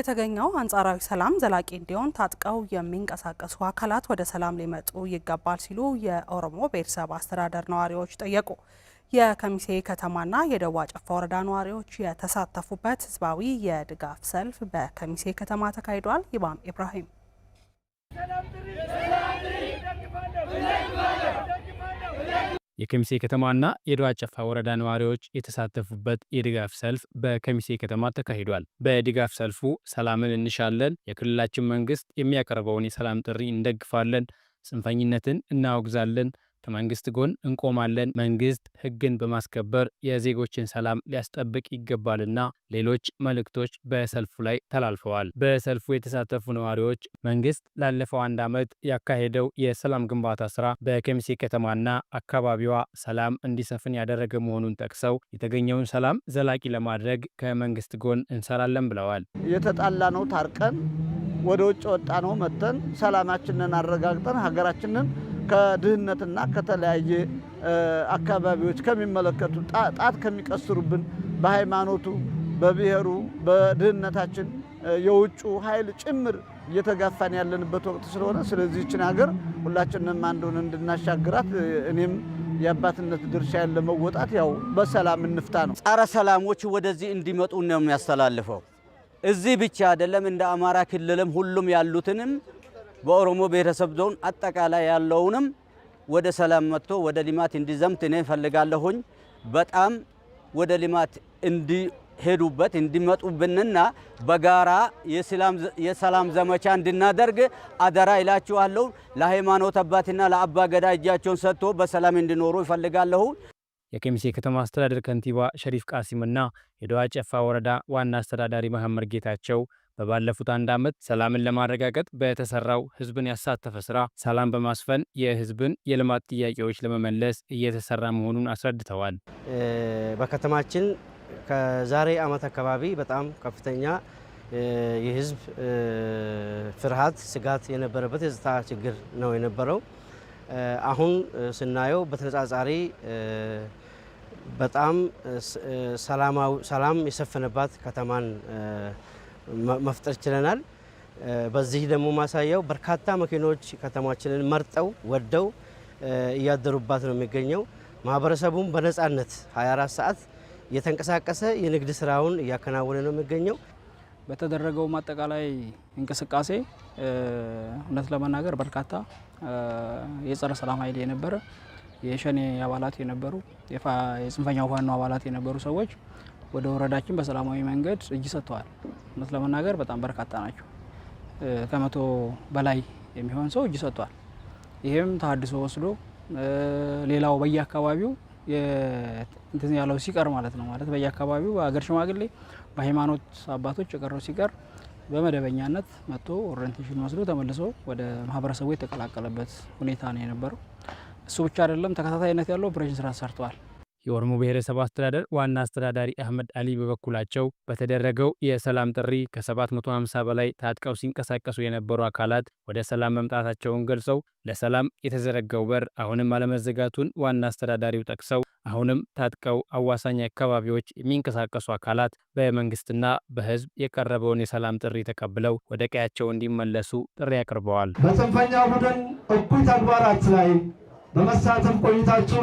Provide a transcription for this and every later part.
የተገኘው አንጻራዊ ሰላም ዘላቂ እንዲሆን ታጥቀው የሚንቀሳቀሱ አካላት ወደ ሰላም ሊመጡ ይገባል ሲሉ የኦሮሞ ብሔረሰብ አስተዳደር ነዋሪዎች ጠየቁ። የከሚሴ ከተማና የደዋ ጨፋ ወረዳ ነዋሪዎች የተሳተፉበት ህዝባዊ የድጋፍ ሰልፍ በከሚሴ ከተማ ተካሂዷል። ይባም ኢብራሂም የከሚሴ ከተማና የድዋ ጨፋ ወረዳ ነዋሪዎች የተሳተፉበት የድጋፍ ሰልፍ በከሚሴ ከተማ ተካሂዷል። በድጋፍ ሰልፉ ሰላምን እንሻለን፣ የክልላችን መንግስት የሚያቀርበውን የሰላም ጥሪ እንደግፋለን፣ ጽንፈኝነትን እናወግዛለን ከመንግስት ጎን እንቆማለን። መንግስት ህግን በማስከበር የዜጎችን ሰላም ሊያስጠብቅ ይገባልና ሌሎች መልእክቶች በሰልፉ ላይ ተላልፈዋል። በሰልፉ የተሳተፉ ነዋሪዎች መንግስት ላለፈው አንድ ዓመት ያካሄደው የሰላም ግንባታ ስራ በከሚሴ ከተማና አካባቢዋ ሰላም እንዲሰፍን ያደረገ መሆኑን ጠቅሰው የተገኘውን ሰላም ዘላቂ ለማድረግ ከመንግስት ጎን እንሰራለን ብለዋል። የተጣላ ነው ታርቀን ወደ ውጭ ወጣ ነው መጥተን ሰላማችንን አረጋግጠን ሀገራችንን ከድህነትና ከተለያየ አካባቢዎች ከሚመለከቱ ጣት ከሚቀስሩብን በሃይማኖቱ፣ በብሔሩ፣ በድህነታችን የውጩ ኃይል ጭምር እየተጋፋን ያለንበት ወቅት ስለሆነ ስለዚህችን ሀገር ሁላችንም አንዱን እንድናሻግራት እኔም የአባትነት ድርሻ ያለ መወጣት ያው በሰላም እንፍታ ነው። ጸረ ሰላሞች ወደዚህ እንዲመጡ ነው የሚያስተላልፈው። እዚህ ብቻ አይደለም፣ እንደ አማራ ክልልም ሁሉም ያሉትንም በኦሮሞ ብሔረሰብ ዞን አጠቃላይ ያለውንም ወደ ሰላም መጥቶ ወደ ልማት እንዲዘምት እኔ ፈልጋለሁኝ። በጣም ወደ ልማት እንዲሄዱበት እንዲመጡብንና በጋራ የሰላም ዘመቻ እንድናደርግ አደራ ይላችኋለሁ። ለሃይማኖት አባትና ለአባ ገዳ እጃቸውን ሰጥቶ በሰላም እንዲኖሩ ይፈልጋለሁ። የከሚሴ ከተማ አስተዳደር ከንቲባ ሸሪፍ ቃሲምና የደዋ ጨፋ ወረዳ ዋና አስተዳዳሪ መሐመድ ጌታቸው በባለፉት አንድ ዓመት ሰላምን ለማረጋገጥ በተሰራው ህዝብን ያሳተፈ ስራ ሰላም በማስፈን የህዝብን የልማት ጥያቄዎች ለመመለስ እየተሰራ መሆኑን አስረድተዋል። በከተማችን ከዛሬ ዓመት አካባቢ በጣም ከፍተኛ የህዝብ ፍርሃት፣ ስጋት የነበረበት የጸጥታ ችግር ነው የነበረው። አሁን ስናየው በተነጻጻሪ በጣም ሰላም የሰፈነባት ከተማን መፍጠር ችለናል። በዚህ ደግሞ ማሳያው በርካታ መኪኖች ከተማችንን መርጠው ወደው እያደሩባት ነው የሚገኘው። ማህበረሰቡም በነፃነት 24 ሰዓት የተንቀሳቀሰ የንግድ ስራውን እያከናወነ ነው የሚገኘው። በተደረገውም አጠቃላይ እንቅስቃሴ እውነት ለመናገር በርካታ የጸረ ሰላም ኃይል የነበረ የሸኔ አባላት የነበሩ የጽንፈኛው ፋኖ አባላት የነበሩ ሰዎች ወደ ወረዳችን በሰላማዊ መንገድ እጅ ሰጥተዋል። እውነት ለመናገር በጣም በርካታ ናቸው። ከመቶ በላይ የሚሆን ሰው እጅ ሰጥቷል። ይህም ተሀድሶ ወስዶ ሌላው በየአካባቢው እንትን ያለው ሲቀር ማለት ነው ማለት በየአካባቢው በሀገር ሽማግሌ በሃይማኖት አባቶች የቀረው ሲቀር በመደበኛነት መጥቶ ኦሪንቴሽን ወስዶ ተመልሶ ወደ ማህበረሰቡ የተቀላቀለበት ሁኔታ ነው የነበረው። እሱ ብቻ አይደለም፣ ተከታታይነት ያለው ኦፕሬሽን ስራ ሰርተዋል። የኦሮሞ ብሔረሰብ አስተዳደር ዋና አስተዳዳሪ አህመድ አሊ በበኩላቸው በተደረገው የሰላም ጥሪ ከ750 በላይ ታጥቀው ሲንቀሳቀሱ የነበሩ አካላት ወደ ሰላም መምጣታቸውን ገልጸው ለሰላም የተዘረጋው በር አሁንም አለመዘጋቱን ዋና አስተዳዳሪው ጠቅሰው አሁንም ታጥቀው አዋሳኝ አካባቢዎች የሚንቀሳቀሱ አካላት በመንግስትና በህዝብ የቀረበውን የሰላም ጥሪ ተቀብለው ወደ ቀያቸው እንዲመለሱ ጥሪ አቅርበዋል። በጽንፈኛ ቡድን እኩይ ተግባራት ላይ በመሳተፍ ቆይታችሁ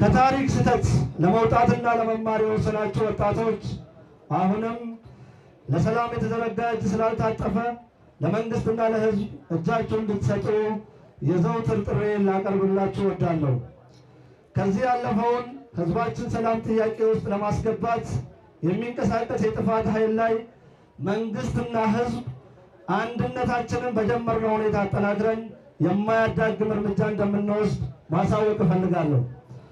ከታሪክ ስህተት ለመውጣትና ለመማር የወሰናችሁ ወጣቶች አሁንም ለሰላም የተዘረጋ እጅ ስላልታጠፈ ለመንግስትና ለህዝብ እጃችሁ እንድትሰጡ የዘውትር ጥሬ ላቀርብላችሁ እወዳለሁ። ከዚህ ያለፈውን ህዝባችን ሰላም ጥያቄ ውስጥ ለማስገባት የሚንቀሳቀስ የጥፋት ኃይል ላይ መንግስትና ህዝብ አንድነታችንን በጀመርነው ሁኔታ አጠናክረን የማያዳግም እርምጃ እንደምንወስድ ማሳወቅ እፈልጋለሁ።